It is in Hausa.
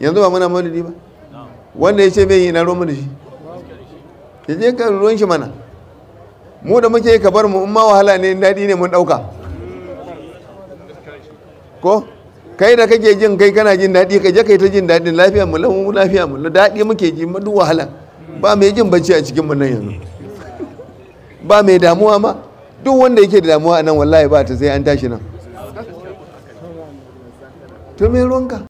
yanzu ba muna maulidi ba wanda ya ce bai yi na ruwan da shi ya je ka ruwan shi mana mu da muke ka bar mu in ma wahala ne daɗi ne mun ɗauka ko kai da kake jin kai kana jin daɗi ka je kai ta jin daɗin lafiya mu lamu lafiya mu daɗi muke ji duk wahala ba mai jin bacci a cikin mu nan yanzu ba mai damuwa ma duk wanda yake da damuwa a nan wallahi ba ta sai an tashi nan to me ruwanka